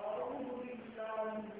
أعوذ بالله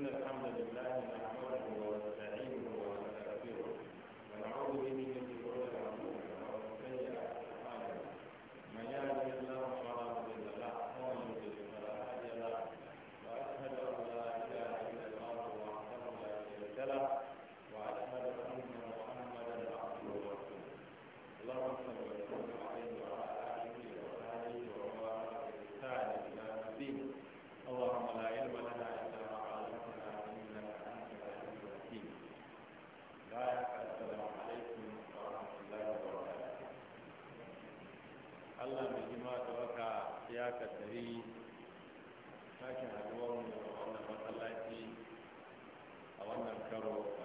إن الحمد لله نحمده ونستعينه ونستغفره ونعوذ به من ya kaddari sake haduwar mu a wannan masallaci a wannan karo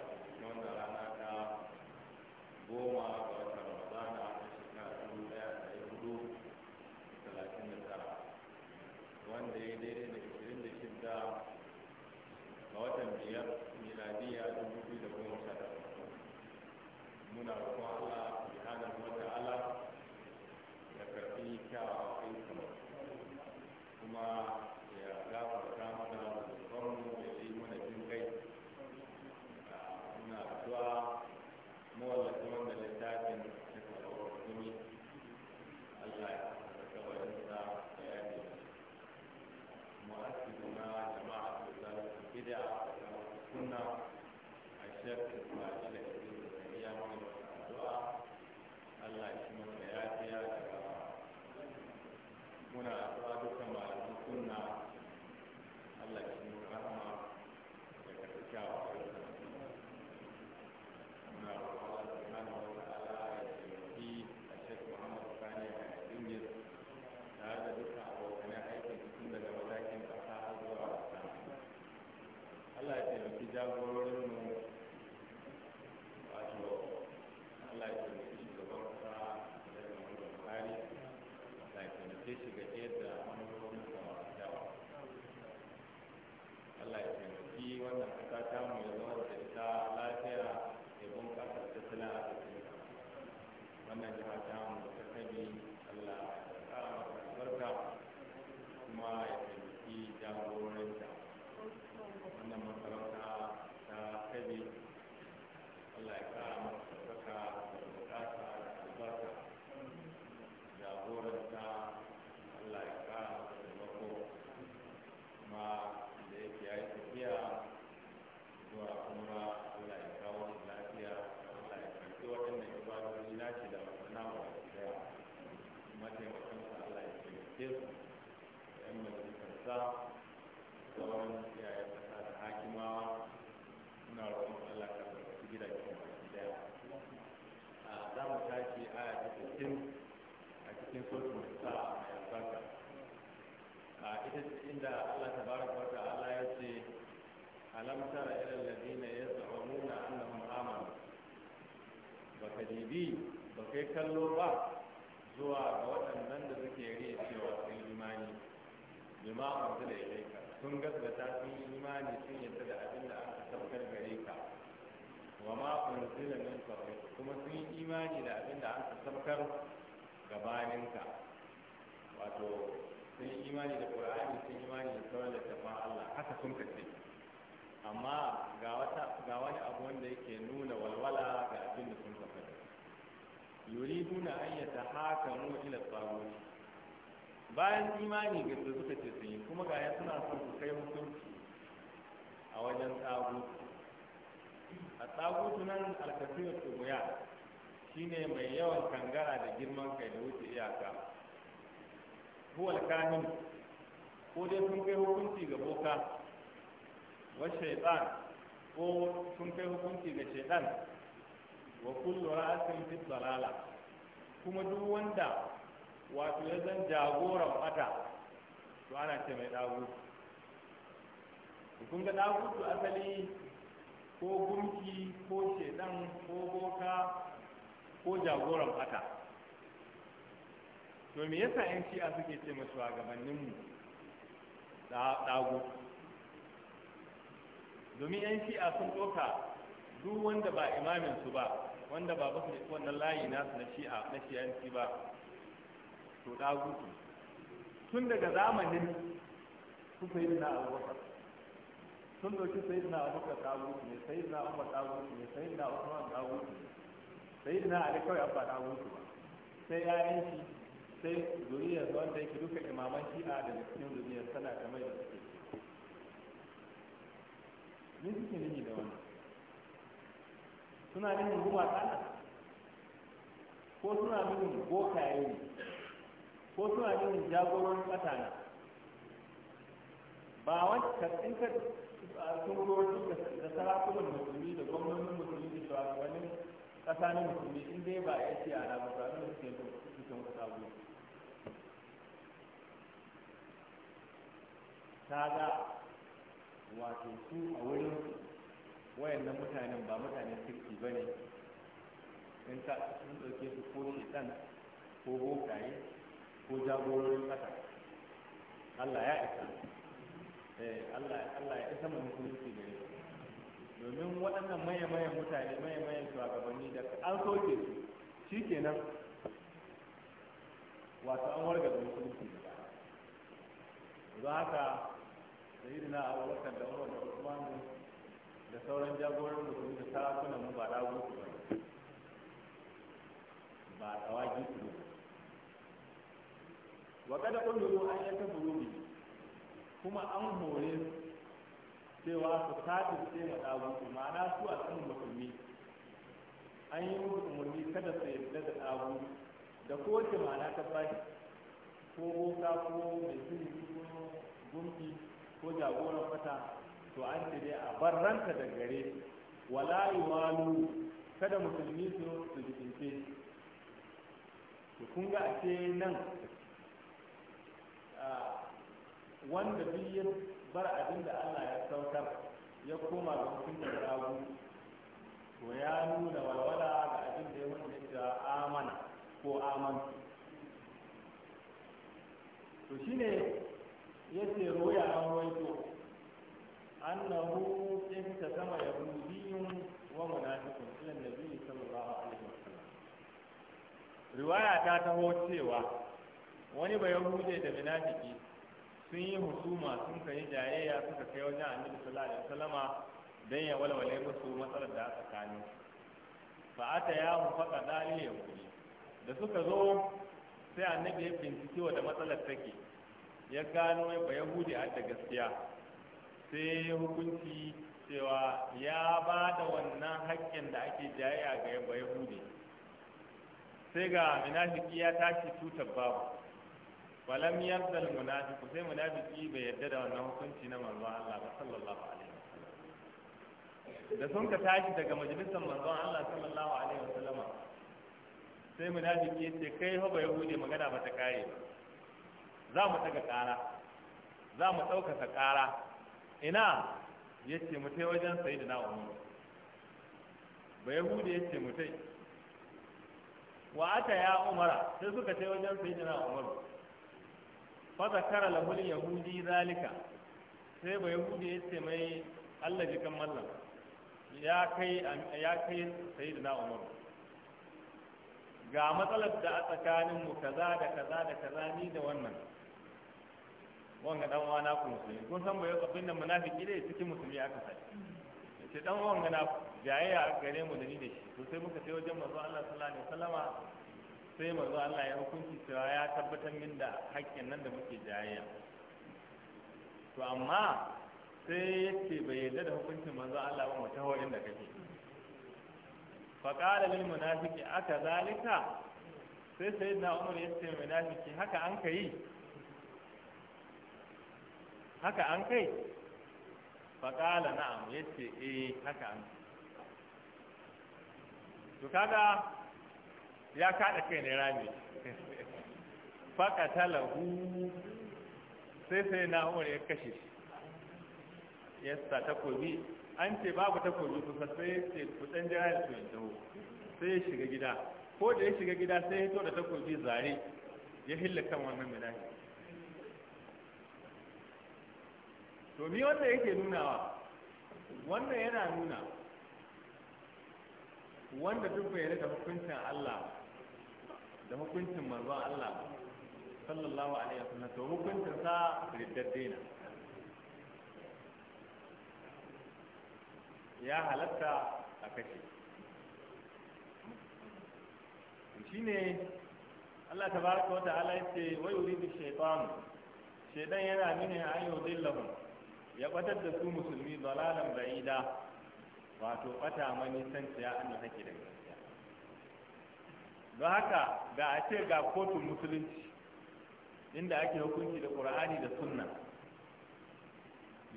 sai shiga su da yan majalisar sa sauran iyayen kasa da hakimawa muna roƙon Allah ka karɓi gidajen baki daya a za mu tashi aya ta cikin a cikin sosu mai sa a albarka a ita inda Allah ta baraka wa ta'ala ya ce alam tara ila alladhina yaz'umuna annahum amanu baka dibi baka kallo ba zuwa ga waɗannan da suke riya cewa sun imani bima unzila da ilaika sun gaskata sun yi imani sun yadda da abin da aka tabbatar gare ka wa ma unzila min qablik kuma sun yi imani da abin da aka tabbatar gabanin ka wato sun yi imani da qur'ani sun yi imani da sauran littafin Allah haka sun kace amma ga wata ga wani abu wanda yake nuna walwala ga abin da sun kafa yuriduna an yatahakamu ila tsaguti bayan imani ga su suka ce sun yi kuma ga suna son su kai hukunci a wajen tsaguti a tsagutu nan alkafiyar shi ne mai yawan kangara da girman kai da wuce iyaka huwal kahin ko dai sun kai hukunci ga boka wa shaitan ko sun kai hukunci ga shaitan wa kullu ra'asin fi dalala kuma duk wanda wato ya zan jagoran bata to ana ce mai dagu kun ga dagu to asali ko gumki ko shedan ko boka ko jagoran bata to me yasa yan shi'a suke ce masu gabaninmu dagu domin yan shi'a sun doka duk wanda ba imamin su ba wanda ba basu da wannan layi nasu na shi'a na shi'anci ba to ɗagutu tun daga zamanin su sai na abubakar tun doki sai na abubakar ɗagutu ne sai na umar ɗagutu ne sai na usman ɗagutu ne sai na ali kawai abba ɗagutu ba sai ya'yan shi sai zuriyar wanda yake duka imaman shi'a da cikin zuriyar sana kamar da suke ne suke nuni da wannan suna nufin ruwa na ko suna nufin bokaye ne ko suna nufin jagoron ƙasa ne ba wani karɓin ka tungoci da sarakunan musulmi da gwamnonin musulmi da shugabannin ƙasa na musulmi in dai ba ya ce ana ba da suke cikin kasa abu ta ga wato su a wurin Wayan nan mutanen ba mutanen kirki ba ne in ta sun ɗauke su ko shekan ko bokaye ko jagororin ƙasa allah ya isa eh, allah ya isa mai hukunci gare su domin waɗannan maye-mayen mutane maye-mayen shugabanni da an soke su shi kenan wato an warga da musulunci da ba don haka da yi na abubakar da umar da usmanu da sauran jagoran kuma da sarakunan mu ba dawo su ba ba tsawagi su wa kada kullu an yata kuma an hore cewa su tafi sai ma dawo su ma'ana su a kan mutumi an yi musu umarni kada su yarda da dawo da kowace ma'ana ta bashi ko boka ko mai sirri ko ko jagoran fata to an ce dai a bar ranka da gare wala yuwalu kada musulmi su su jikince kun ga a ce nan wanda duk bar abin da Allah ya saukar ya koma ga da rawu to ya nuna walwala ga abin da ya wanda ya amana ko aman to shine ya ce roya an roito annahu sai ta sama yahudiyun wa munafiqun ila nabi sallallahu alaihi wasallam riwaya ta taho cewa wani ba yahude da munafiki sun yi husuma sun kai jayayya suka kai wajen annabi sallallahu alaihi wasallama dan ya walwale musu matsalar da aka kano fa ata ya mu faka dalil yahudi da suka zo sai annabi ya bincike wa da matsalar take ya gano ba yahudi a da gaskiya sai hukunci cewa ya ba da wannan haƙƙin da ake jayayya ga yabba hude sai ga munafiki ya tashi tutar babu falam da munafiki sai munafiki bai yarda da wannan hukunci na manzo Allah ba sallallahu alaihi wasallam da sun ka tashi daga majalisar manzo Allah sallallahu alaihi wasallam sai munafiki ya ce kai fa bai hude magana ba ta kare ba za mu taga kara za mu ɗaukaka kara ina ya ce mutai wajen sayi da na'umu ba yahudi ya ce mutai wa aka ya umara sai suka ce wajen sayi da na'umaru fata kara lahul yahudi zalika sai ba yahudi ya ce mai allah jikan mallam ya kai sayi da Umar. ga matsalar da a tsakaninmu kaza da kaza da kaza ni da wannan wanga dan uwa na ku musulmi kun san bai abin da munafiki dai cikin musulmi aka sai ce dan uwan ga na jayayya gare mu da ni da shi to sai muka sai wajen manzo Allah sallallahu alaihi wasallama sai manzo Allah ya hukunci cewa ya tabbatar min da hakkin nan da muke jayayya to amma sai yace bai yarda da hukuncin manzo Allah ba mata horin da kake faqala lil munafiqi aka zalika sai sayyidina Umar yace munafiki haka an kai haka an kai faƙala na'am ya ce eh haka an to kaga ya kaɗa kai ne rami faƙata lahu sai sai na umar ya kashe shi ya sa takobi an ce babu takobi kusa sai ce kudan jira da su yanzu. sai ya shiga gida ko da ya shiga gida sai ya to da takobi zare ya hilla kan wannan minashi to ni wanda yake nunawa wannan yana nuna wanda duk bai da hukuncin Allah da hukuncin manzon Allah sallallahu alaihi wasallam to hukuncin sa riddadde ne ya halatta a kashe shine Allah tabaraka wa ta'ala yace wa yuridu shaytanu shaytan yana nuna ayyudillahum ya batar da su musulmi zalalan ba'ida wato bata ya Allah take da gaskiya don haka ga a ce ga kotun musulunci inda ake hukunci da qur'ani da sunna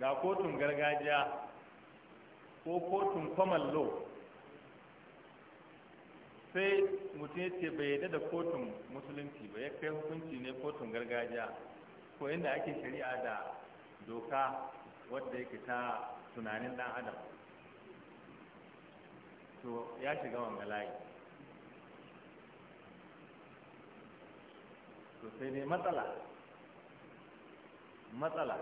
ga kotun gargajiya ko kotun common law sai mutum ya ce bai yadda da kotun musulunci ba ya kai hukunci ne kotun gargajiya ko inda ake shari'a da doka wadda yake ta tunanin dan adam to ya shiga wanga layi to sai ne matsala matsala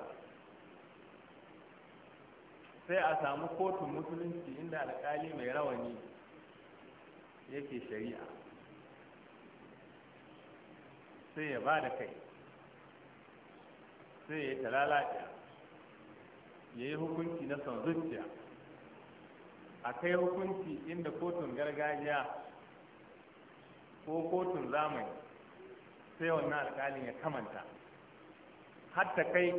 sai a samu kotun musulunci inda alkali mai rawani yake shari'a sai ya ba da kai sai ya talalaciya ya yi hukunci na son zuciya a kai hukunci inda kotun gargajiya ko kotun zamani sai wannan alkalin ya kamanta hatta kai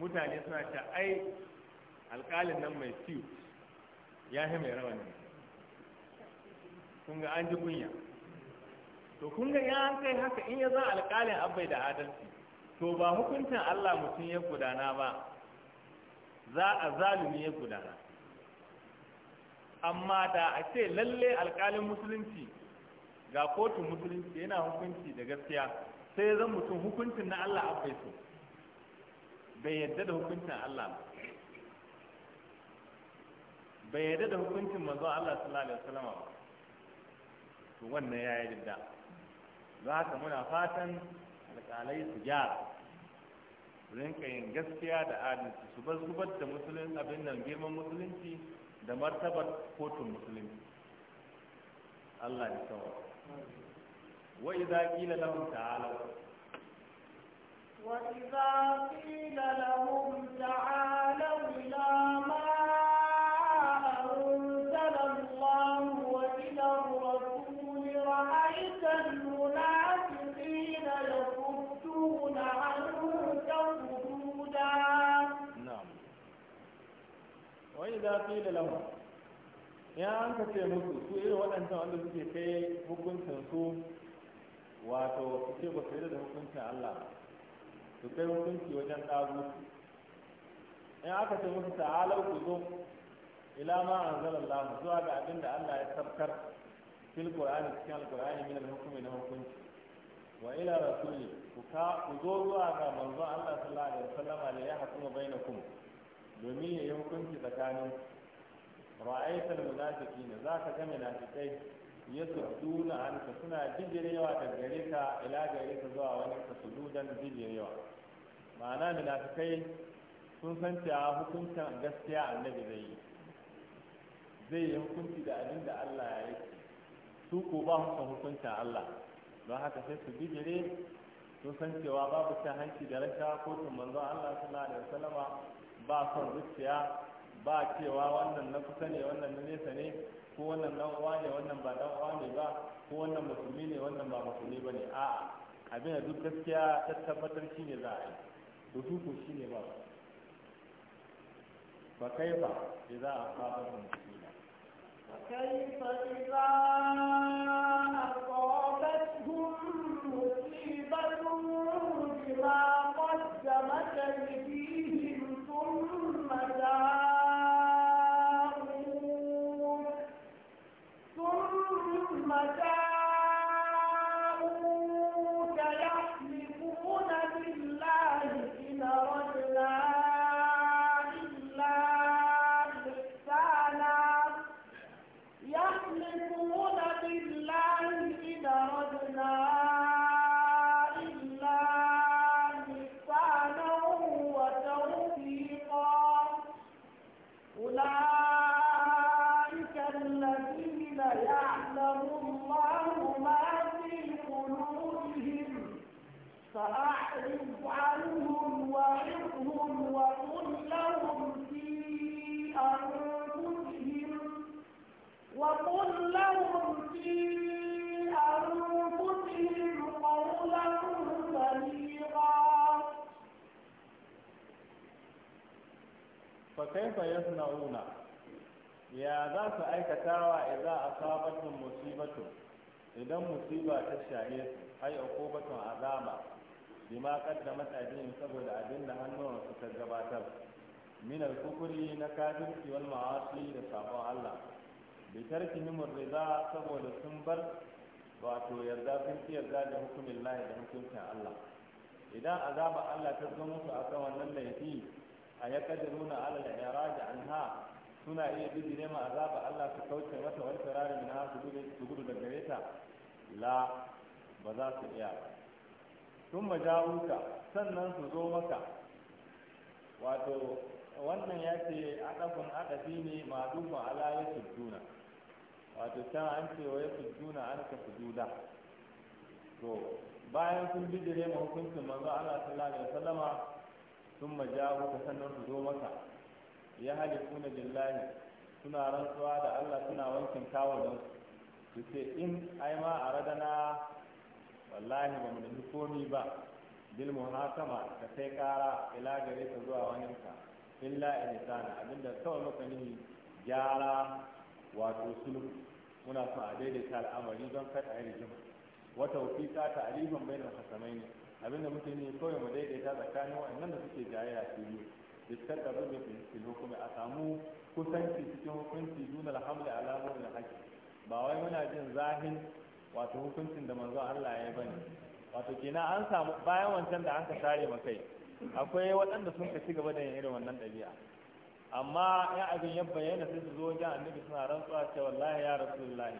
mutane suna ta ai alkalin nan mai ciwo ya yi mai rawan kun ga an ji kunya to kun ga ya an kai haka in ya za alkalin abai da adalci to ba hukuncin allah mutum ya gudana ba za a zalumi ya gudana amma da a ce lalle alkalin musulunci ga kotun musulunci yana hukunci da gaskiya sai zan mutum hukuncin na Allah abai so bai yadda da hukuncin Allah ba bai yadda da hukuncin manzon Allah sallallahu alaihi wasallam ba to wannan yayi didda za ka muna fatan alƙalai su gyara rinka yin gaskiya da adalci su bar zubar da musulun abin nan girman musulunci da martabar kotun musulunci Allah ya sawa wa idza qila lahum ta'ala wa idza qila lahum ta'ala ila ma idza qila lahum ya an ka ce musu su irin waɗancan wanda suke kai hukuncin su wato su ce ba su da hukuncin Allah su kai hukunci wajen ɗazu in aka ce musu ta'alar ku zo ila ma lamu zuwa ga abin da Allah ya sabkar fil qur'ani cikin alqur'ani min al-hukmi na hukunci wa ila rasuli ku ka ku zo zuwa ga manzon Allah sallallahu alaihi wasallam da ya hukuma bainakum domin ya yi hukunci tsakanin ra'aitar munafiki ne za ka fi munafikai ya na anka suna yawa da gare ka ila gare ka zuwa wani ka jirgin yawa. ma'ana munafikai sun san cewa hukuncin gaskiya annabi zai yi zai yi hukunci da abin da Allah ya yi su ko ba hukun hukuncin Allah don haka sai su bijire sun san cewa babu cin hanci da rasha kotun manzo Allah sallallahu alaihi wasallama ba son zuciya ba cewa wannan na kusa ne wannan na nesa ne ko wannan dan uwa ne wannan ba dan uwa ne ba ko wannan musulmi ne wannan ba musulmi bane a'a abin da duk gaskiya ta tabbatar shi ne za a yi rusuku shi ne ba fa da musulmi ba kai fa ko ta asabatkum bi tarkihim rida saboda sun bar wato yarda sun ci yarda da hukumin lahi da hukuncin Allah idan azaba Allah ta zo musu kan wannan laifi a ya kadiruna ala al-iraj anha suna iya ne ma azaba Allah su kauce mata wani tarari na su gudu da gare ta la ba za su iya ba sun ka, sannan su zo maka wato wannan ya ce adafi ne ma ma'adufin ala ya wato can an ce wa yafi juna an ka sujuda to bayan sun bijire ma hukuncin manzo Allah sallallahu alaihi wasallama sun majahu ka sannan su zo maka ya kuna billahi suna rantsuwa da Allah suna wankin kawunan su ce in ai ma a radana wallahi ba mu da komi ba bil muhakama ka kai kara ila gare ka zuwa wani ka illa ihsana abinda kawai maka nihi gyara wato sulhu muna son a daidaita al'amari don kada a yi rigima wata wafika ta alifan bai da kasamai ne abinda muke ne kawai mu daidaita tsakanin wa'annan da suke jayayya su yi. biskar da rubin fil hukumi a samu kusanci cikin hukunci duna alhamdu alamun da haƙƙi ba wai muna jin zahin wato hukuncin da manzo Allah ya bane wato kenan an samu bayan wancan da aka tare kai, akwai waɗanda sun ka ci gaba da yin irin wannan ɗabi'a amma ya abin ya bayyana sai su zo wajen annabi suna rantsuwa ce wallahi ya rasulullah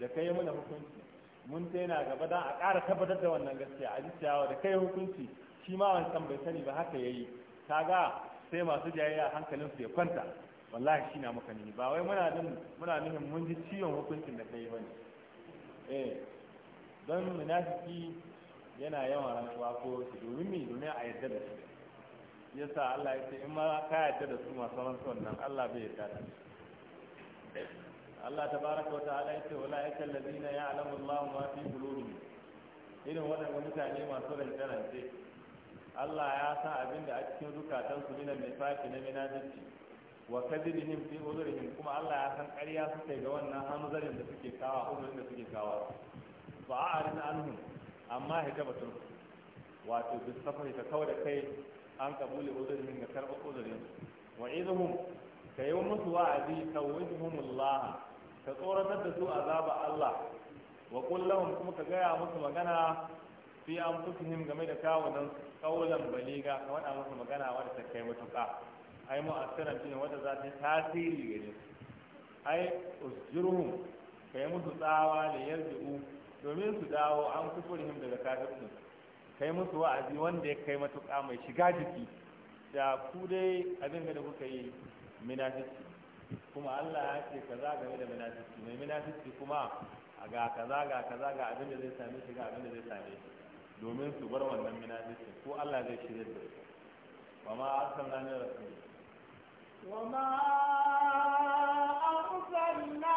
da kai muna hukunci mun ta yana gaba dan a ƙara tabbatar da wannan gaskiya a ji ciyawa da kai hukunci shi ma wancan bai sani ba haka yayi kaga sai masu jayayya hankalin su ya kwanta wallahi shi na muka nihi ba wai muna din muna nihin mun ji ciwon hukuncin da kai bane eh don munafiki yana yawan rantsuwa ko domin me domin a yarda da shi Ya sa Allah ya ce in ma ka yadda da su masu rantsuwan nan Allah bai yadda da Allah tabaraka wa ta'ala ya ce wala na ya alamu Allah ma fi qulubihim irin waɗanda mutane masu rance-rance Allah ya san abin da a cikin zukatansu minan faki na minajici wa kadhibihim fi udurihim kuma Allah ya san ƙarya suke ga wannan hanzarin da suke kawa udurin da suke kawa fa a'rid anhum amma hitabatun wato bisafa ta kawai da kai an kabuli uzurin ga karɓar uzurin wa izuhum ka yi musu wa'azi ka wajihumullaha ka tsoratar da su azaba Allah wa kullahum kuma ka gaya musu magana fi an fusuhim game da kawunan kaulan baliga ka wada musu magana wadda ta kai matuƙa ai mu asiran shine wadda za ta tasiri gare ai usjurhum ka yi musu tsawa da yarji'u domin su dawo an kufurihim daga kafircinsu kai musu wa'azi wanda ya kai matuƙa mai shiga jiki da ku dai abin da kuka yi minafiki kuma Allah ya ce kaza game da minafiki mai minafiki kuma ga kaza ga kaza ga abin da zai same shi abin da zai same domin su bar wannan minafiki ko Allah zai shirya da su wa ma arsalna min rasul wa ma arsalna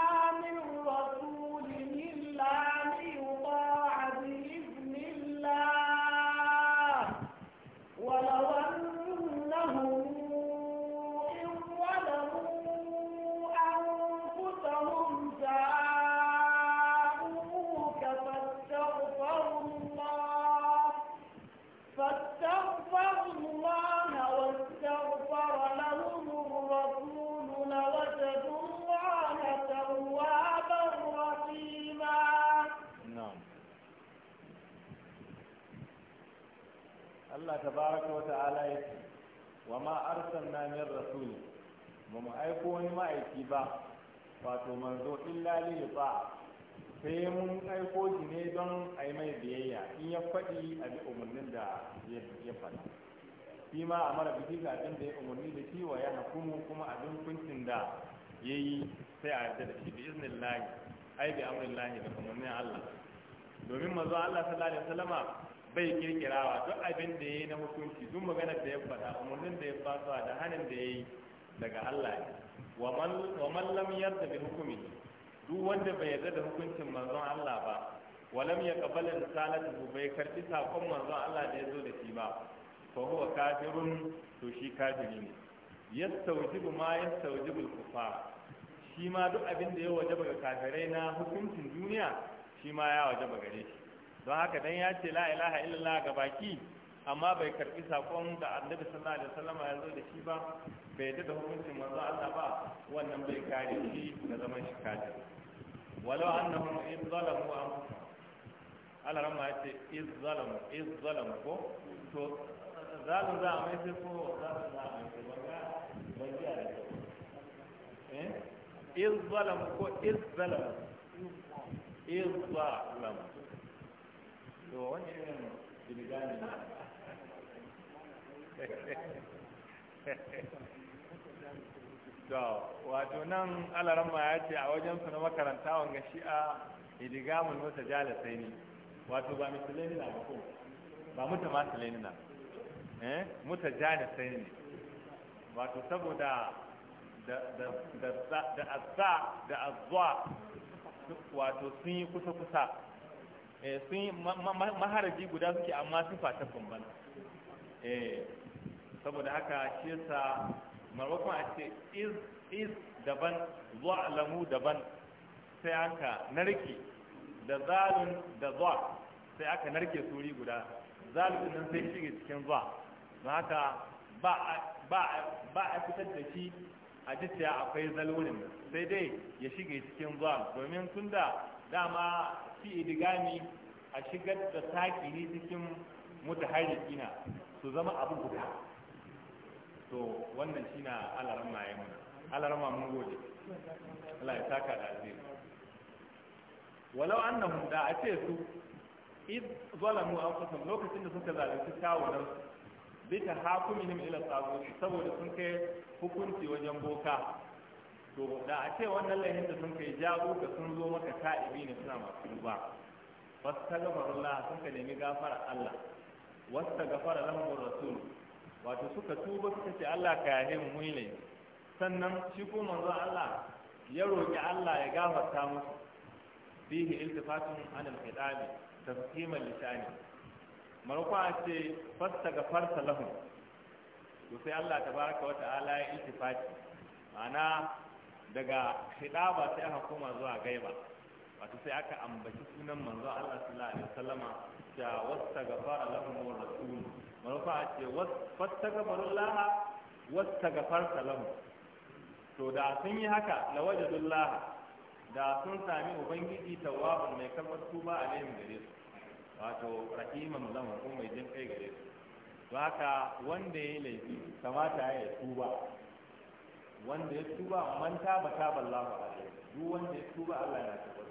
faɗa shi ma a mara biki ga abin da ya umarni da shi wa ya hukumu kuma abin kuncin da ya yi sai a yarda da shi bi iznin lahi ai bi amrin lahi da umarnin Allah domin mazo Allah sallallahu alaihi wasallama bai kirkirawa duk abin da ya yi na hukunci duk maganar da ya faɗa umarnin da ya fasuwa da hannun da ya yi daga Allah wa mallam lam yarda bi hukumi duk wanda bai yarda da hukuncin manzon Allah ba walam ya kabala risalatu bai karbi sakon manzon Allah da ya zo da shi ba fa huwa kafirun to shi kafiri ne yastawjibu ma yastawjibu al-kufar shi ma duk abin ya wajaba ga kafirai na hukuncin duniya shi ma ya wajaba gare don haka dan ya ce la illallah ga baki amma bai karbi sakon da annabi sallallahu alaihi wasallam ya zo da shi ba bai yadda da hukuncin manzo Allah ba wannan bai shi zaman shi alaran ma ce iz zalamu ko to zalun za a mai sai ko zalun za a mai sai banga banga da ji eh iz ko iz zalamu to wani irin jirgani to wato nan alarama ma ya ce a wajen su na makaranta ga shi'a idigamul mutajalasai ne wato ba misalai na ba ko ba muta masalai na eh muta jani sai ne wato saboda da da da azza da azwa wato sun yi kusa kusa eh sun yi maharaji guda suke amma sifa ta bambana eh saboda haka shi yasa marwakon a ce is is daban zuwa alamu daban sai haka narke da zalun da zuwa sai aka narke suri guda zalun nan sai shige cikin zuwa haka ba a fitar da shi a jisya akwai zalunin sai dai ya shiga cikin zuwa domin tun da dama fi idigami a shigar da sakiri cikin ina su zama abu guda to wannan shi na alarama ya mana alarama mun gode Allah ya saka da walau annahum da a ce su id zalamu anfusahum lokacin da suka zalunci kawunan bita hakumihim ila tsaguti saboda sun kai hukunci wajen boka to da a ce wannan lahin da sun kai jago ka sun zo maka ta'ibi ne suna masu duba fastaghfirullah sun ka nemi gafara Allah wastaghfara lahum rasul wato suka tuba suka ce Allah ka yahe mu ne sannan shi ko manzo Allah ya roki Allah ya gafarta musu فيه التفات عن al-hidami اللسان مرقوا lisani marko a ce fasta ga farsa lahum to sai Allah tabaraka wa ta'ala ya iltifati ma'ana daga hidaba sai aka koma zuwa gaiba wato sai aka ambaci sunan manzo Allah sallallahu alaihi wasallama da wasta gafara wa ce to da sun yi haka lawajadullah da sun sami ubangiji tawabun mai kalmar tuba a layin gare su wato rahiman lahu ko mai jin kai gare su to haka wanda ya yi laifi kamata ya tuba wanda ya tuba man taba taba Allahu alaihi duk wanda ya tuba Allah ya tuba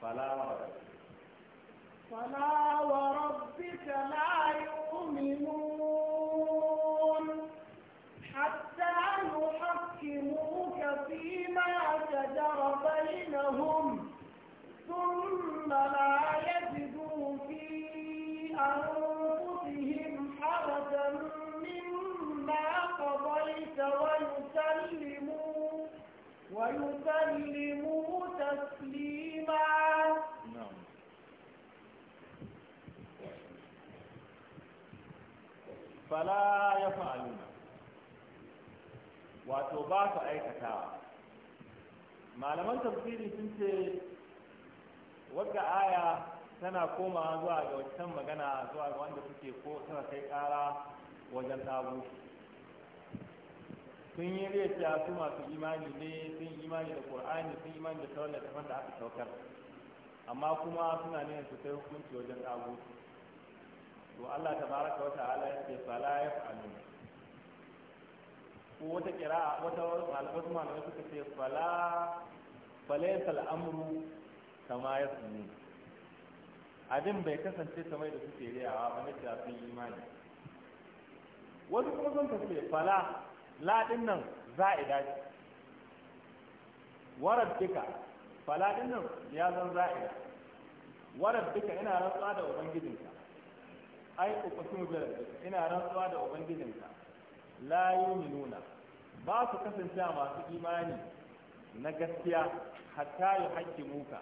fala wa fala wa rabbika la yu'minun بينهم ثم لا يجدوا في أنفسهم حرجا مما قضيت ويسلموا ويسلموا تسليما نعم فلا يفعلون wato أي كتاب malaman tafsiri sun ce wadda aya tana komawa zuwa ga wancan magana zuwa ga wanda suke ko tana kai ƙara wajen tabu sun yi riya su masu imani ne sun yi imani da qur'ani sun yi imani da sauran littafan da aka saukar amma kuma suna neman su kai hukunci wajen tabu to Allah tabaraka wa ta'ala ya ce fala yaf'alun ko wata kira wata wasu malamai suka ce fala falaysa al'amru kama yasmu abin bai kasance kamar da suke riyawa ba na shafin imani wasu kuma sun tafi fala la din nan za'ida ce Warar duka fala din nan ya zan za'ida Warar duka ina rantsuwa da ubangijinka ai ku kusumu ina rantsuwa da ubangijinka la nuna ba su kasance masu imani na gaskiya hatta ya hakki muka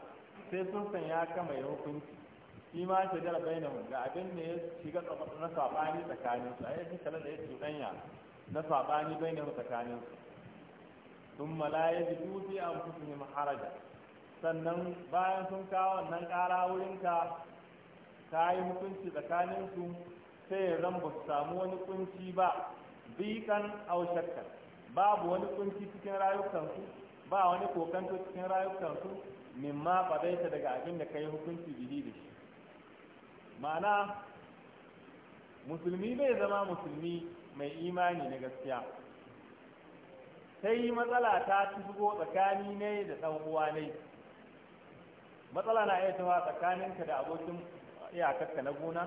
sai sun sanya kama ya hukunci shi ma shi bai bainahum ga abin da ya shiga na saɓani tsakanin su a yi kala da ya cuɗanya na saɓani bai na tsakanin su sun malaye da dubi a mutum maharaja sannan bayan sun kawo wannan ƙara wurinka ka yi hukunci tsakanin su sai ya zan ba su samu wani kunci ba bikan au shakkan babu wani kunci cikin rayukansu ba wani kokanto cikin rayukansu mimma fadaita daga abin da kai hukunci bihi da shi ma'ana musulmi bai zama musulmi mai imani na gaskiya sai matsala ta shigo tsakani ne da ɗan uwa ne matsala na iya tawa tsakaninka da abokin iyakarka na gona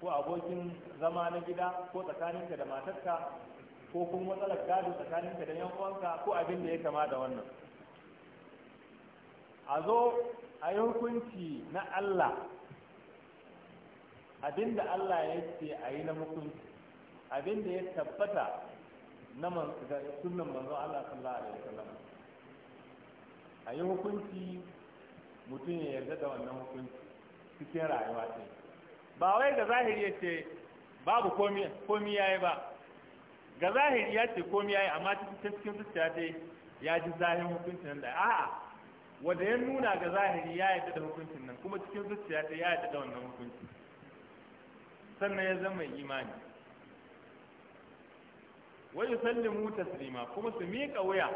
ko abokin zama na gida ko tsakaninka da matarka ko kuma matsalar gado tsakaninka da yan uwanka ko abin da ya kama da wannan a zo a yi hukunci na Allah abin da Allah ya ce a yi na hukunci abin da ya tabbata na sunan manzon Allah sallallahu alaihi wasallam a yi hukunci mutum ya yarda da wannan hukunci cikin rayuwa ce ba wai ga zahiri ya ce babu komi ya yi ba ga zahiri ya ce komi ya yi amma cikin zuciya dai ya ji zahirin hukuncin nan da a'a wanda ya nuna ga zahiri ya yarda da hukuncin nan kuma cikin zuciya dai ya yarda da wannan hukunci sannan ya zama imani wa yusallimu taslima kuma su miƙa wuya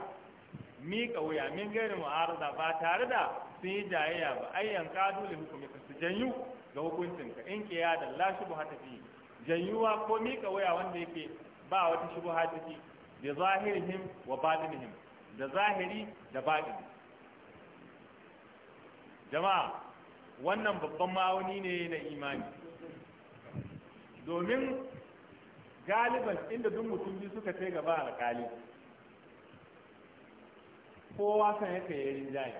miƙa wuya min gani mu'arada ba tare da sun yi jayayya ba ayyan kadu li hukumi su janyu ga ka in kiya da la shubha ta fi jayuwa ko ka waya wanda yake ba wata shubha ta fi da zahirihim wa batinihim da zahiri da batin jama'a wannan babban ma'auni ne na imani domin galiban inda duk mutum biyu suka kai gaba alkali kowa kan yake yayin jayi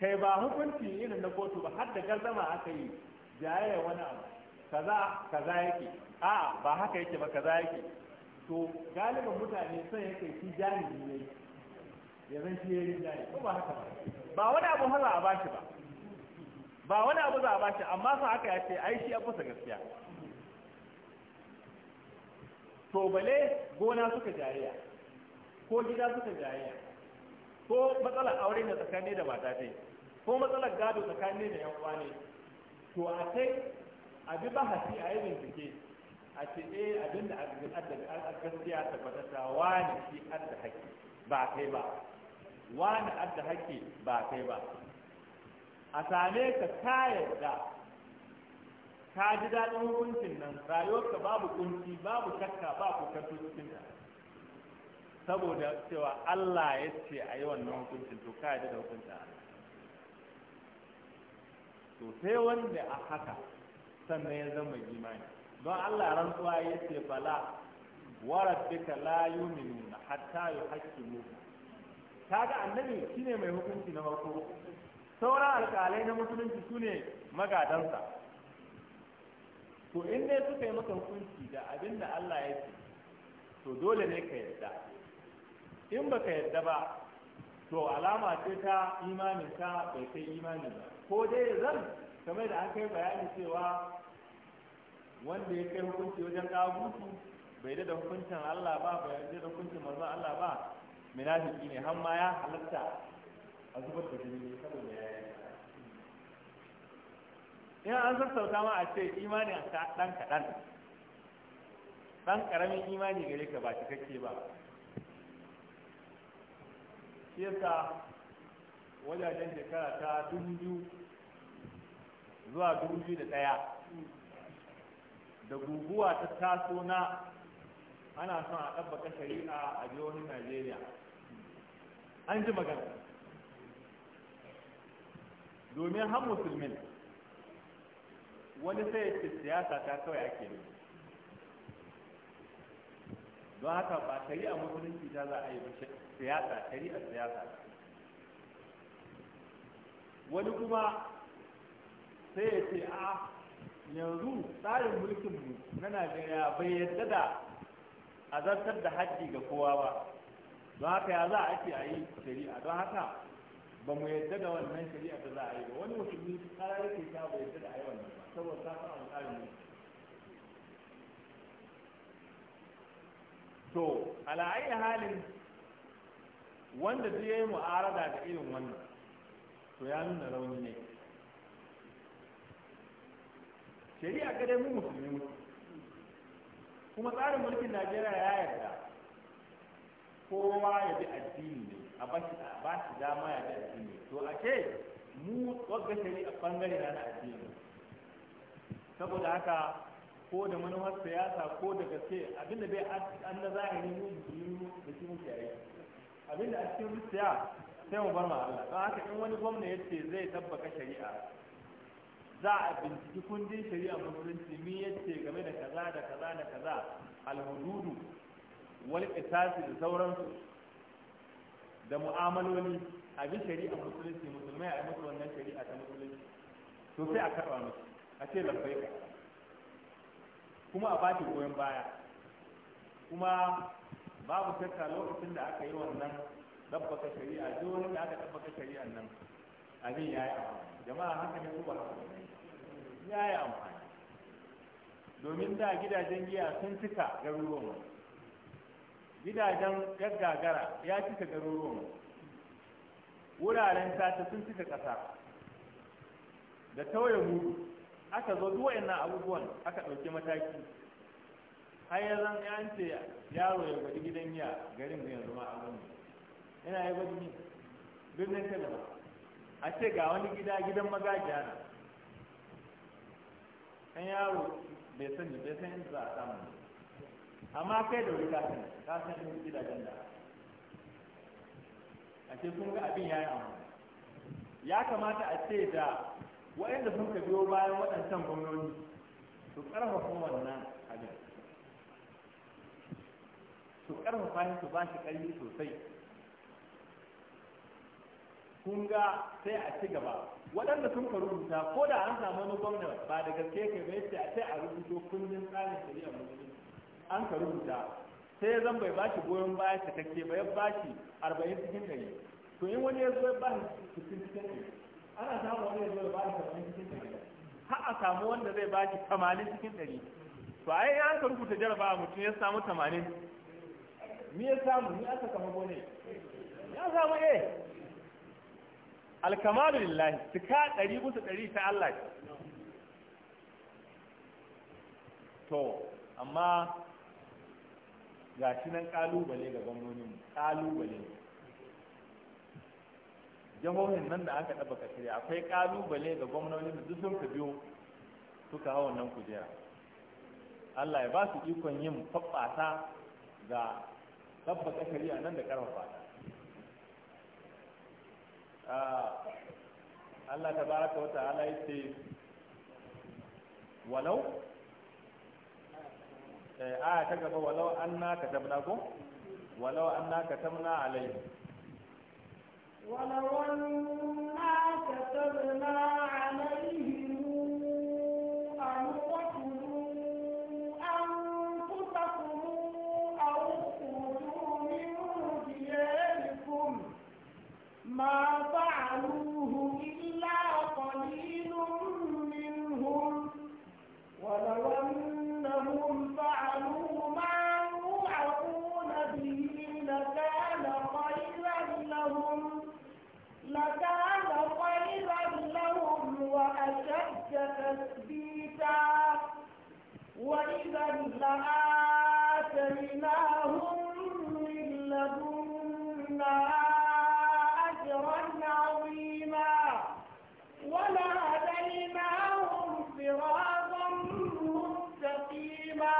kai ba hukunci irin na kotu ba har da gardama aka yi jayayya wani abu kaza kaza yake a ba haka yake ba kaza yake to galibin mutane son yake shi jahili ne ya zan shi yayin jahili ko ba haka ba ba wani abu har a bashi ba ba wani abu za a bashi amma sun haka ya ce ai shi abu gaskiya to bale gona suka jayayya ko gida suka jayayya ko matsalar aure na tsakanin da mata ce ko matsalar gado tsakanin da yan uwa ne to a kai a bi bahasi a yi bincike a ce eh abin da gaskiya tabbatata wani shi adda haƙƙi ba kai ba wani adda haƙƙi ba kai ba a same ka ka yarda ka ji daɗin hukuncin nan rayuwarka babu kunci babu shakka ba kasu cikin ta saboda cewa Allah ya ce a yi wannan hukuncin to ka da hukunta Allah to sai wanda a haka sannan ya zama imani don Allah rantsuwa ya ce bala warabbika la yu'minuna hatta yuhaqqimu kaga annabi shine mai hukunci na farko sauran alƙalai na musulunci sune magadansa to in dai suka yi maka hukunci da abin da Allah ya ce to dole ne ka yarda in ba ka yadda ba to alama ce ta imanin ka bai kai imani ba ko dai zan kamar da an kai bayani cewa wanda ya kai hukunci wajen ɗagutu bai da hukuncin Allah ba bai da hukuncin manzon Allah ba munafiki ne har ma ya halatta a zubar da jini saboda ya yi in an sassauta ma a ce imanin ka ɗan kaɗan ɗan ƙaramin imani gare ka ba cikakke ba Kesa wajajen shekara ta dubu zuwa dubu biyu da ɗaya da guguwa ta taso na ana son a ɗabbaka shari'a a jihohin najeriya an ji magana domin har musulmin wani sai siyasa ta kawai ake yi don haka ba shari'a musulunci ta za a yi ba siyasa shari'a siyasa wani kuma sai ya ce a yanzu tsarin mulkin mu na najeriya bai yadda da azartar da haƙƙi ga kowa ba don haka ya za a ake a yi shari'a don haka ba mu yadda da wannan shari'a da za a yi ba wani musulmi tsara ke ta bai yadda da a yi wannan ba saboda ta fara tsarin mulkin. to ala'ayi halin wanda zai yi mu'arada da irin wannan to ya nuna rauni ne shari'a ga mu musulmi kuma tsarin mulkin najeriya ya yarda kowa ya bi addini ne a ba shi dama ya bi addini to a ce mu wagga shari'a bangare na addini saboda haka ko da manufar siyasa ko da gaske abinda bai an na zahiri mu musulmi da shi muke aiki abinda a cikin zuciya sai mu bar ma Allah don haka in wani gwamna ya ce zai tabbaka shari'a za a binciki kundin shari'a musulunci mi ya ce game da kaza da kaza da kaza alhududu wal qisasi da sauransu da mu'amaloli a bi shari'a musulunci musulmai a yi musu wannan shari'a ta musulunci to sai a karba musu a ce labbaika kuma a bashi goyon baya kuma babu shakka lokacin da aka yi wannan dabbaka shari'a duk wani da aka dabbaka shari'a nan abin ya yi amfani jama'a haka ne kuma ya yi amfani domin da gidajen giya sun cika garuruwan gidajen gaggagara ya cika garuruwan wuraren sata sun cika ƙasa da tauye mu. aka zo duk wayannan abubuwan aka ɗauki mataki har ya zan ya ce yaro ya gwadi gidan ya garin mu yanzu ma abin ne yana ya gwadi ne birnin kalaba a ce ga wani gida gidan magajiya na kan yaro bai sani bai san inda za a samu amma kai da wuri kasan san inda gidajen da a ce sun ga abin ya yi amma ya kamata a ce da waɗanda sun ka biyo bayan waɗancan gwamnoni su ƙarfafa wannan abin su ƙarfafa shi su ba shi ƙarfi sosai kun ga sai a ci gaba waɗanda sun ka rubuta ko da an samu wani gwamna ba da gaske kai bai ce a sai a rubuto kundin tsarin shari'a musulmi an ka rubuta sai zan bai bashi goyon baya cikakke ba ya bashi arba'in cikin ɗari to in wani ya zo ya shi cikin cikin ɗari ana samu wanda zai ba da tamanin cikin ɗari har a samu wanda zai ba ki tamanin cikin ɗari to ai ya ka rubuta jarabawa mutum ya samu tamanin me ya samu ni aka kama gone ya samu eh alkamalu lillahi tuka ɗari bisa ɗari ta Allah to amma ga shi nan ƙalubale ga gwamnonin ƙalubale jihohin nan da aka ɗaba ka shirya akwai ƙalubale ga gwamnoni da duk sun ka biyo suka hawa wannan kujera Allah ya ba su ikon yin faɓɓata ga tabba ka shari'a nan da ƙarfafa ta ah, Allah ta baraka wata ala ya ce walau eh, aya ta gaba walau an na katabna ko walau an na katabna alayhi ولو كتبنا عليهم أن اقتلوا أنفسكم أو اخرجوا من دياركم ما فعلوا تثبيتا وإذا لآتيناهم من لدنا أجرا عظيما ولهديناهم صراطا مستقيما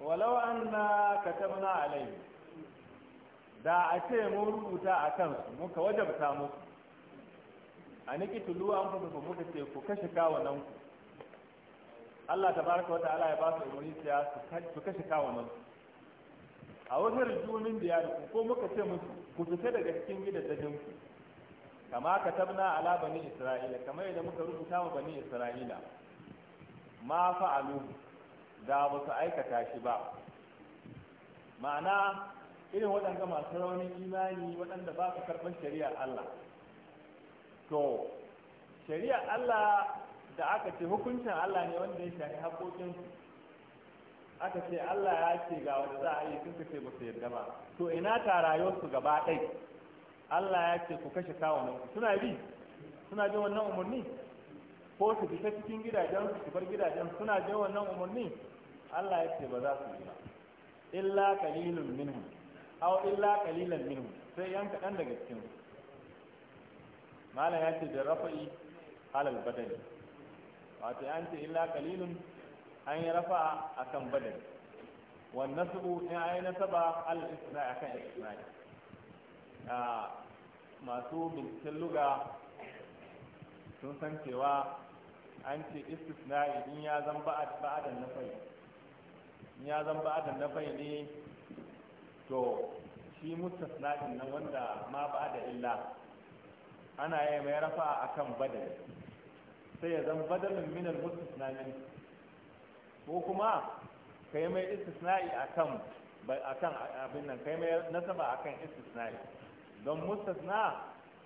ولو أنا كتبنا عليهم دا أتي ce mun rubuta a kansu a niki tulu an fa ba muka ce ku kashe kawunan ku Allah tabaraka wa ta'ala ya ba su umarni siya su kashe kawunan ku. a wajen jumin da yari ko muka ce musu ku fita daga cikin gidajen ku kama ka tabna ala bani isra'ila kamar yadda muka rubuta wa bani isra'ila ma fa'alu da ba su aikata shi ba ma'ana irin waɗanda masu raunin imani waɗanda ba su karɓar shari'ar Allah to shari'a Allah da aka ce hukuncin Allah ne wanda ya shafi haƙoƙinsu aka ce Allah ya ce ga wanda za a yi sun kace ba su yarda ba to ina tarayonsu gaba ɗai Allah ya ce ku kashe kawunan suna bi suna bin wannan umarni ko su fita cikin gidajen su bar gidajen suna bin wannan umarni Allah ya ce ba za su yi ba illa qalilun minhum aw illa qalilan minhum sai yan ɗan daga cikin su malam ya ce da rafa'i halal badani wato an ce illa kalilun an yi a akan badani wan su in yi nasaba al a akan isna'i a ah, masu binciken luga sun san cewa an ce istisna'i in ya zan ba'adan nafai in ya zan ba'adan nafai ne to shi mustasna'in nan wanda ma ba'ada illa ana yi mai a kan badal sai ya zan badalin minal mutu min ko kuma ka yi mai istisna'i akan kan abin nan ka yi mai nasaba a kan istisna'i don mustasna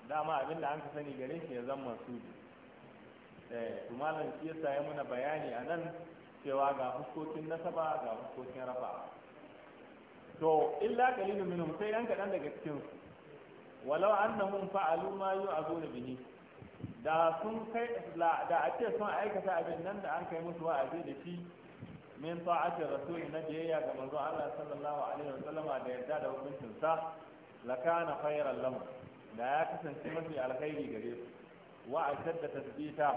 dama abin da an ka sani gare shi ya zan mansubi eh tumalan shi yasa ya muna bayani a nan cewa ga fuskokin nasaba ga fuskokin rafa. to illa kalilu minum sai yan kadan daga cikinsu. walau annahum fa'alu ma yu'azuna bihi da sun kai da a ce sun aikata abin nan da an kai musu wa'azi da shi min ta'ati rasuli na biyayya ga manzon Allah sallallahu alaihi wasallama da yarda da hukuncin sa lakana khayran lahum da ya kasance mafi alkhairi gare su wa ashadda tasbita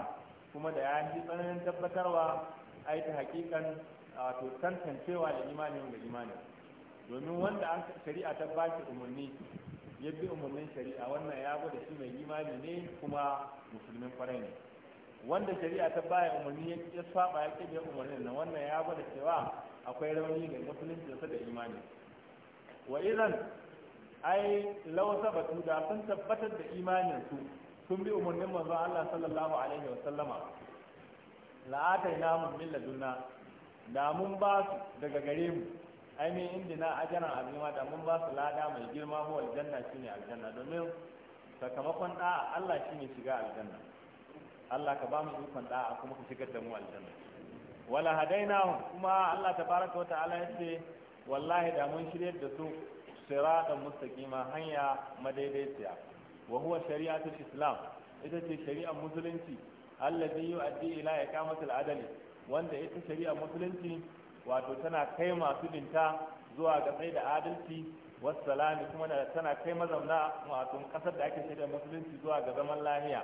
kuma da ya yi tsananin tabbatarwa ai ta hakikan wato tantancewa da imanin da imanin domin wanda an shari'a ta baki umarni ya bi umarnin shari'a wannan ya gwada shi mai imani ne kuma musulmin kwarai ne wanda shari'a ta baya umarni ya saba ya kebe umarnin nan wannan ya gwada cewa akwai rauni ga musulunci da da imani wa idan ai lawasa batu da sun tabbatar da imanin su sun bi umarnin manzon Allah sallallahu alaihi wa sallama la'ataina min ladunna da mun ba daga gare mu ainihin indina ajaran azima da mun ba su lada mai girma ko aljanna shine aljanna domin sakamakon da'a Allah shi ne shiga aljanna Allah ka ba mu ikon da'a kuma ka shigar da mu aljanna wala hadainahum kuma Allah Ta baraka wa ta'ala yace wallahi da mun shiryar da su siratan mustaqima hanya madaidaiciya wa huwa shari'atul islam ita ce shari'ar musulunci allazi yu'addi ila iqamatil adali wanda ita shari'ar musulunci wato tana kai masu binta zuwa ga tsaye da adalci salami kuma tana kai mazauna wato kasar da ake shaidar musulunci zuwa ga zaman lahiya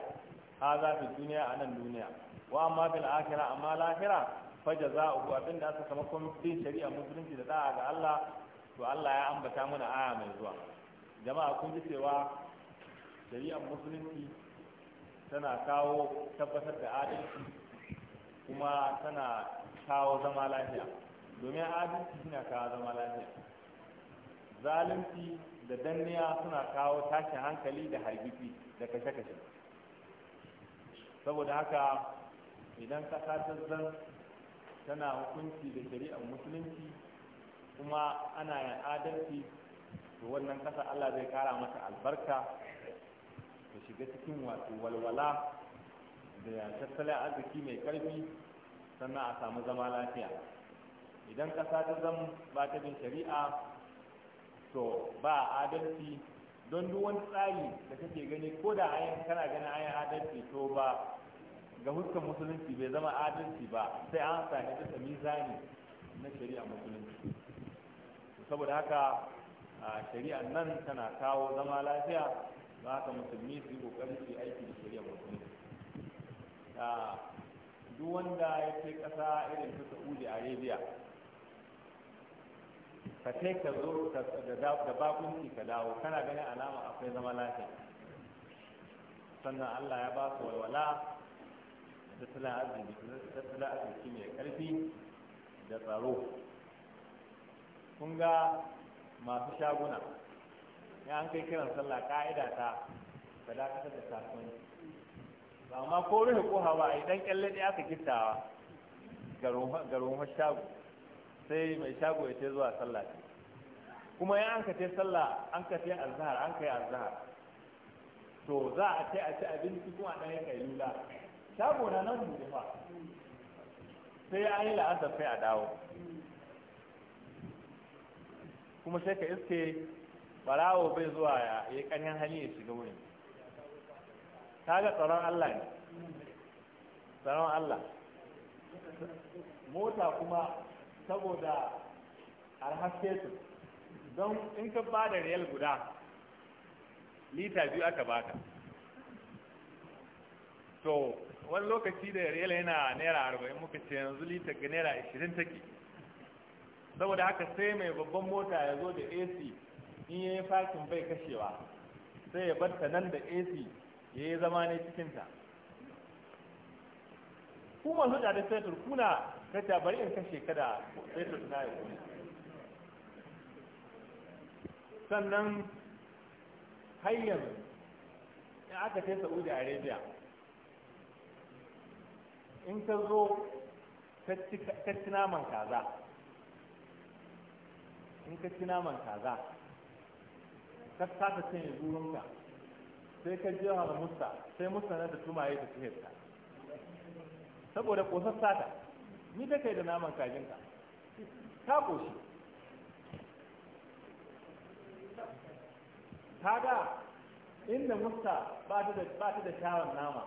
ha za fi duniya a nan duniya wa amma fil amma lahira fa jaza'uhu abinda aka sama komitin shari'a musulunci da da'a ga Allah to Allah ya ambata mana aya mai zuwa jama'a kun ji cewa shari'ar musulunci tana kawo tabbatar da adalci kuma tana kawo zama lahiya. domin adalci suna kawo zama lafiya zalunci da danniya suna kawo tashin hankali da hargitsi da kashe-kashe saboda haka idan kasa ta zan tana hukunci da shari'ar musulunci kuma ana yin adalci to wannan kasa Allah zai kara mata albarka ta shiga cikin wato walwala da tattalin arziki mai karfi sannan a samu zama lafiya idan ƙasa ta zama ba ta bin shari'a to ba adalci don duk tsari da kake gani ko da ayan kana ganin ayan adalci to ba ga huskan musulunci bai zama adalci ba sai an sami da mizani na shari'a musulunci saboda haka shari'a nan tana kawo zama lafiya ba haka musulmi su yi kokari su aiki da shari'a musulunci duk wanda ya ce ƙasa irin ta saudi arabia ka kai ka zo da bakunci ka dawo kana ganin alama akwai zama lafiya sannan Allah ya ba su walwala da tattalin arziki mai karfi da tsaro Kunga masu shaguna ya an kai kiran sallah ka'ida ta ka dakatar da kasuwanci amma ko rufe ko hawa idan kyalle ɗaya aka gittawa ga rumar shago sai mai shago ya ce zuwa sallah ce kuma ya an ka ce sallah an ka ce azhar an ka yi azhar to za a ce a ci abinci kuma dan ya kai lula shago na nan ne fa sai ya yi la'asar sai a dawo kuma sai ka iske barawo bai zuwa ya yi ƙarfin hali ya shiga wurin ta ga tsaron Allah ne tsaron Allah mota kuma saboda haske su don in ka ba da riyal guda lita biyu aka ka, to wani lokaci da riyal yana naira arba'in muka ce yanzu lita ga naira ashirin take saboda haka sai mai babban mota ya zo da ac in ya yi fakin bai kashewa sai ya bar nan da ac ya yi zama ne cikinta ku masu da da fetur kuna ta bari in kashe kada fetur na yi sannan hayyan in aka kai saudi arabia in ka zo ka ci naman kaza in ka ci naman kaza ka ta cin zurinka sai ka jiya wa musta sai musta na da tumaye da ta. saboda kosar sata ni ta kai da naman kajinka ta koshi kaga inda musta ba ta da shawar nama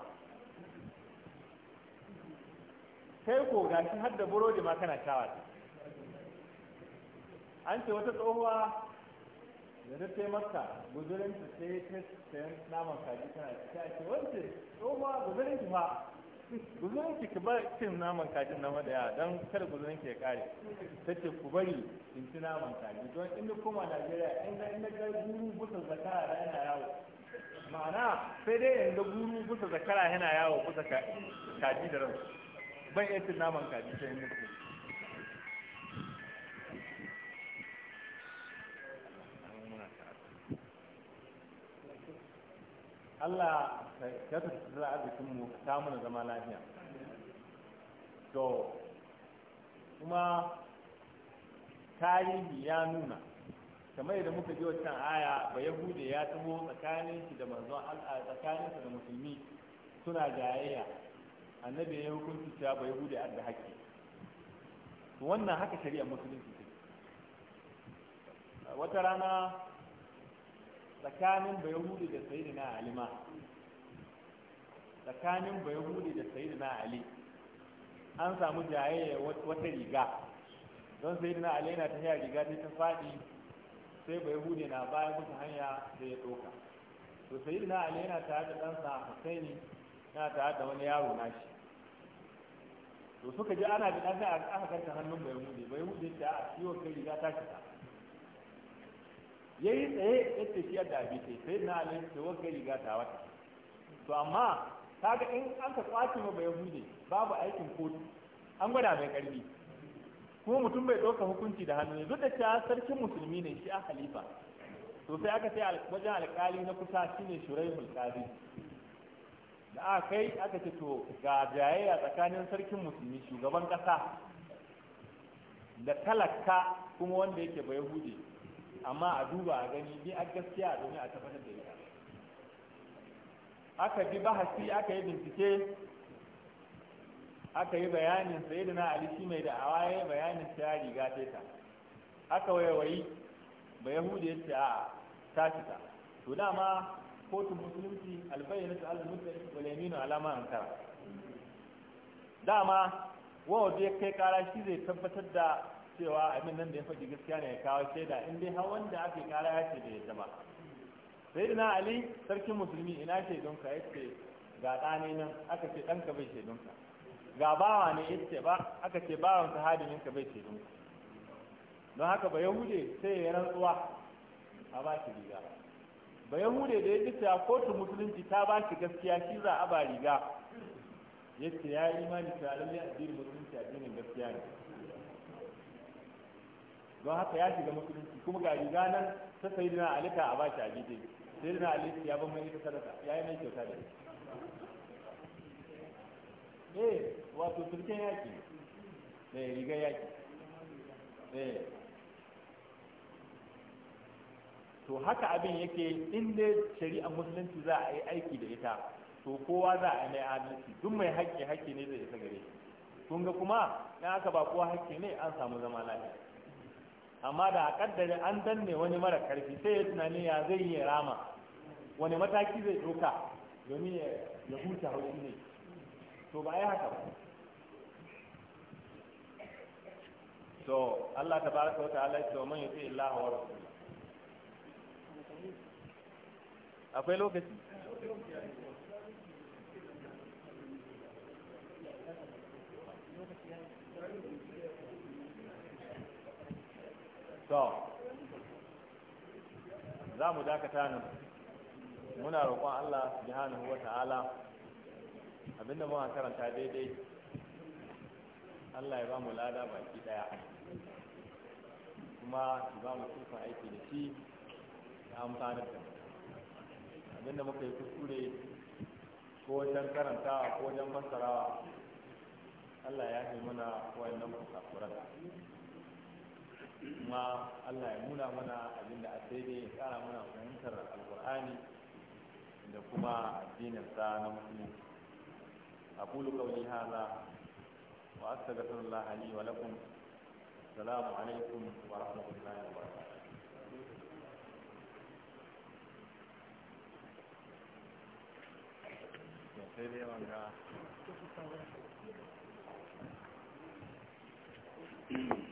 kai ko gashi har da burodi ma kana shawar. an ce wata tsohuwa da ta ce maka guzurinta sai ta sayan naman kaji tana ta ce wance tsohuwa guzurinta fa Ku zo ki ba cin naman kajin na madaya don kada ku zan ke kare ta ce ku bari in ci naman kaji don in da koma najeriya in da in da ga guru busa zakara da yana yawo ma'ana sai dai in da guru busa zakara yana yawo busa kaji da ran ban iya cin naman kaji sai in da Allah ya tattara arzikin mu ta muna zama lafiya to kuma tarihi ya nuna kamar yadda muka ji wancan aya ba yahude ya taho tsakanin shi da manzon Allah tsakanin da musulmi suna jayayya annabi ya hukunci cewa ba yahude bude da haƙƙi wannan haka shari'a musulunci ce wata rana tsakanin bayahudi da na ali ma tsakanin bayahudi da na ali an samu jaye wata riga don na ali yana ta haya riga ta faɗi sai bayahudi na bayan musu hanya sai ya ɗauka to na ali yana tare da ɗansa husaini yana tare da wani yaro nashi to suka ji ana da ɗansa aka karta hannun bayahudi bayahudi ta a ciwon kai riga ta kisa ya yi tsaye ya tafiyar da abinci sai na alin da wasu riga ta wata to amma kaga in an ka kwace ma bai hude babu aikin kotu an gwada mai karfi kuma mutum bai ɗauka hukunci da hannu ne duk da cewa sarkin musulmi ne shi a halifa to sai aka sai wajen alkali na kusa shine shuraihul qadi da aka kai aka ce to ga jayayya tsakanin sarkin musulmi shugaban kasa da talaka kuma wanda yake bai hude amma a duba a gani ni a gaskiya domin a tabbatar da ita aka bi bahasi aka yi bincike aka yi bayanin sai da na ali shi mai da awa yi bayanin ta ya riga ta aka wayawayi ba yahudi ya ce a ta ta to dama kotun musulunci albayyana ta ala musulunci wal yaminu alama an kara dama wanda ya kai kara shi zai tabbatar da cewa abin nan da ya faɗi gaskiya ne ya kawo shaida in dai har wanda ake kara ya ce da ya zama sai ina ali sarkin musulmi ina shaidunka ya ce ga ɗane nan aka ce ɗanka bai shaidunka ga bawa ne ya ce ba aka ce bawan ta ka bai shaidunka don haka ba yahude sai ya rantsuwa a ba shi riga ba yahude da ya ji cewa kotun musulunci ta ba shi gaskiya shi za a ba riga ya ce ya yi imani cewa lallai addinin musulunci addinin gaskiya ne don haka ya shiga musulunci kuma ga riga nan ta sai dina alika a bashi a gidi sai dina alika ya ban mai ita sadaka ya yi mai kyauta da ita eh wato turken yaki eh riga yaki eh to haka abin yake in dai shari'ar musulunci za a yi aiki da ita to kowa za a yi mai adalci duk mai haƙƙi haƙƙi ne zai isa gare shi kun ga kuma in aka ba kowa haƙƙi ne an samu zama lafiya amma da a kaddare an danne wani mara karfi sai ya tunani ya zai yi rama wani mataki zai doka domin ya huta hauki ne to ba yi haka ba so Allah ta ba ta wata ya ce wa man yuti Allah wa akwai lokaci to za mu dakata nan muna roƙon Allah subhanahu wa ta'ala abinda muna karanta daidai Allah ya ba mu lada baki daya kuma ki ba mu aiki da shi da amfanar da abinda muka yi kuskure ko wajen karantawa ko wajen masarawa Allah ya yi mana wayannan kusakuran kuma Allah ya nuna mana abin da a daidai ya kara mana fahimtar alkur'ani da kuma addinin sa na musulunci أقول قولي هذا وأستغفر الله لي ولكم السلام عليكم ورحمة الله وبركاته sai dai